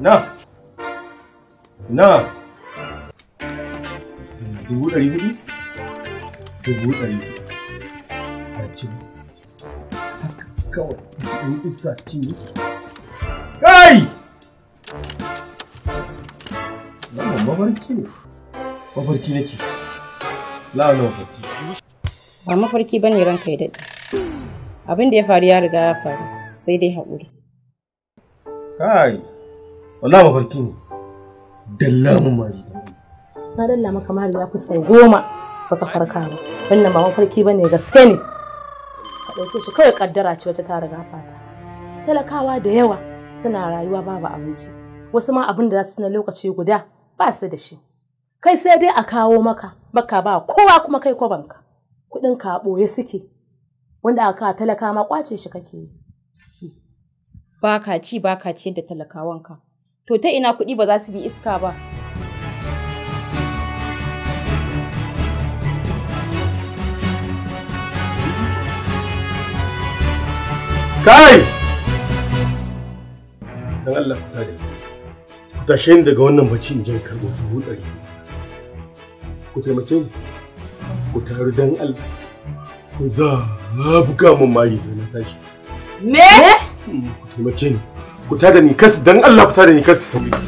na na dubu ɗari hudu dubu ɗari hudu a cikin kawai su ɗan iska su cinye kai wannan mafarki ne mafarki nake la'ana mafarki ba mafarki ba ne ranka ya daɗe abin da ya faru ya riga ya faru sai dai haƙuri kai wallahi mafarki ne dalla mu mari na dalla maka mari ya kusa sau goma baka farka ba wannan ba mafarki bane gaske ne ka dauke shi kawai kaddara ce wata ta riga fata talakawa da yawa suna rayuwa babu abinci wasu ma abin da za su na lokaci guda ba su da shi kai sai dai a kawo maka baka ba kowa kuma kai kwabanka kuɗin ka ɓoye suke wanda aka talaka ma kwace shi kake yi ba ka ci ba ka ci da talakawanka to ta ina kuɗi ba za su bi iska ba. Kai! Dan Allah ka da Tashe ni daga wannan bacci in jan karɓo dubu ɗari. Ku taimake ni. Ku taru dan Allah. Ku za buga min mari sai na tashi. Me? Mm, ku taimake ni. kuta da ni kas dan Allah kuta da ni kas sauri